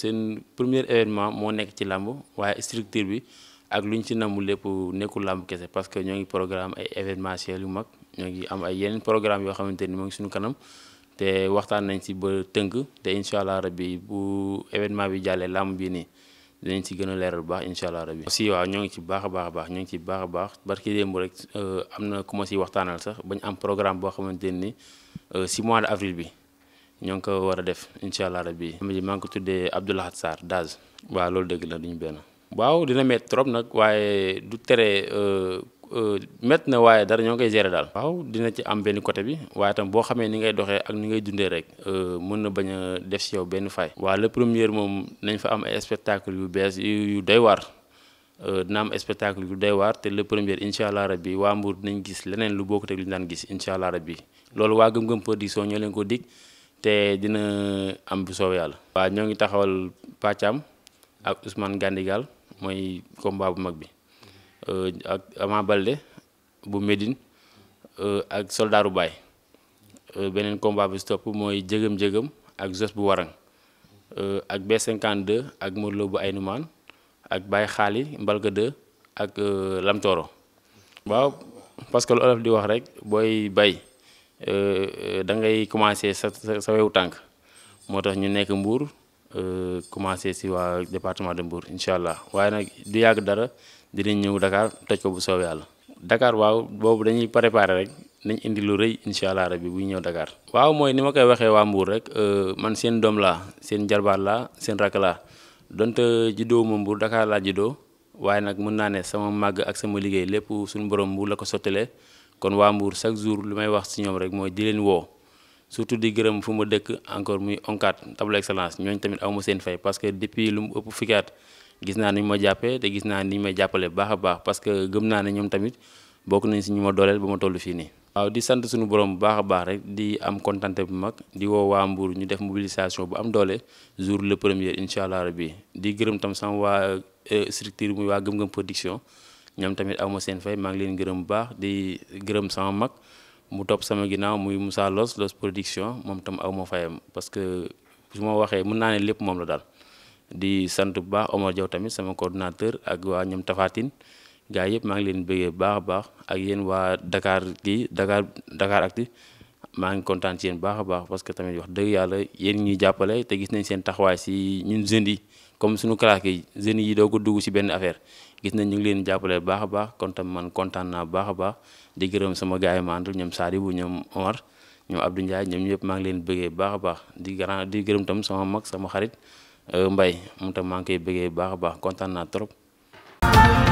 seen premier événement moo nekk ci làmb waaye structure bi ak lu ñu ci namu lépp nekkul làmb kese parce que ñoo ngi programme ay événementiel yu mag ñoo ngi am ay yeneen programme yoo xamante ni moo ngi suñu kanam te waxtaan nañ si ba tënk te incha allah rabi bu événement bi jàllee làmb bi nii dañ ci gën a leeral bu baax incha allah bi aussi waaw ñoo ngi ci baax a baax a baax ñoo ngi ci baax a baax barki démb rek euh, am na ku ma siy waxtaanal sax bañ am programme boo xamante ni si euh, mois de avril bi. ñoo ngi ko war a def incha allah rabi. am ji maa ko tuddee Abdoulahat Sarr Daz. waa loolu dëgg na duñu benn. waaw dina métti trop nag waaye du tere euh, euh, métti na waaye dara ñoo ngi koy gérer daal. waaw dina ci am benn côté bi waaye tam boo xamee ni ngay doxee ak ni ngay dundee rek euh, mën na bañ a def si yow benn fay. waaw le premier moom nañ fa am ay spectacle yu bees yu doy waar. dina am spectacle yu doy waar te le premier incha allah bi waa Mbour nañ gis leneen lu bokkut li ñu daan gis incha allah rabi loolu waa Gëm ko te dina am bu soobee yàlla. waaw ñoo ngi taxawal Pàccam ak Ousmane Gandigal mooy combat bu mag bi euh, ak Ama Balde bu Médine euh, ak Soldaaru Baay euh, beneen combat bi stop mooy jëgëm jëgëm ak Jos bu Warang ak B52 ak Modou Lo bu Aynumaan ak Baye Xaali Mbalka 2 ak Lamtoro. waaw parce que di wax rek booy bay. Euh, euh, da ngay commencer sa sa tànk moo tax ñu nekk Mbour euh, commencer ci waa département de Mbour incha allah waaye nag du yàgg dara dinañ ñëw Dakar toj ko bu soobee yàlla. dakaar waaw boobu dañuy préparer rek nañ indi lu rëy incha allah rek bi buy ñëw Dakar. waaw mooy ni ma koy waxee waa Mbour rek man seen doom laa seen jarbaat laa seen rakk laa donte juddoo ma Mbour Dakar laa juddoo waaye nag mën naa ne sama màgg ak sama liggéey lépp suñu borom mbuur la ko sottalee. kon waa mbuur chaque jour lu may wax si ñoom rek mooy di leen woo surtout di gërëm fu ma dëkk encore muy onkat table excellence ñooñ tamit aw ma seen fay parce que depuis lu ëpp fukki gis naa ni ñu ma jàppee te gis naa ni ñu ma jàppale baax a baax parce que gëm naa ne ñoom tamit bokk nañ si ñu ma dooleel ba ma toll fii nii. waaw di sant suñu borom bu baax a baax rek di am kontante bu mag di woo waa Mbour ñu def mobilisation bu am doole jour le premier incha allah rabi di gërëm tam sama waa euh, structure muy waa gëm-gëm production. ñoom tamit aw ma seen fay maa ngi leen gërëm bu baax di gërëm sama mag mu topp sama ginnaaw muy Moussa Los Los production moom tam aw ma fayam parce que su ma waxee mën naa ne lépp moom la daal di sant bu baax Omar Diaw tamit sama coordinateur ak waa ñoom tafaatin gars yëpp maa ngi leen bëggee baax a baax ak yéen waa Dakar kii Dakar Dakaractu maa ngi kontaan ci yéen baax a baax parce que tamit wax dëgg yàlla yéen ñuy jàppale te gis nañ seen taxawaay si ñun jeunes yi comme suñu classe gi jeunes yi doo ko dugg ci benn affaire gis nañ ñu ngi leen jàppale baax a baax kon man kontaan naa baax a baax di gërëm sama gars yi ma àndal ñoom Sadibou ñoom Omar ñoom Abdou Ndiaye ñoom yépp maa ngi leen bëggee baax a baax di grand di gërëm tam sama mag sama xarit euh, Mbaye moom tam maa ngi koy bëggee baax a baax kontaan naa trop.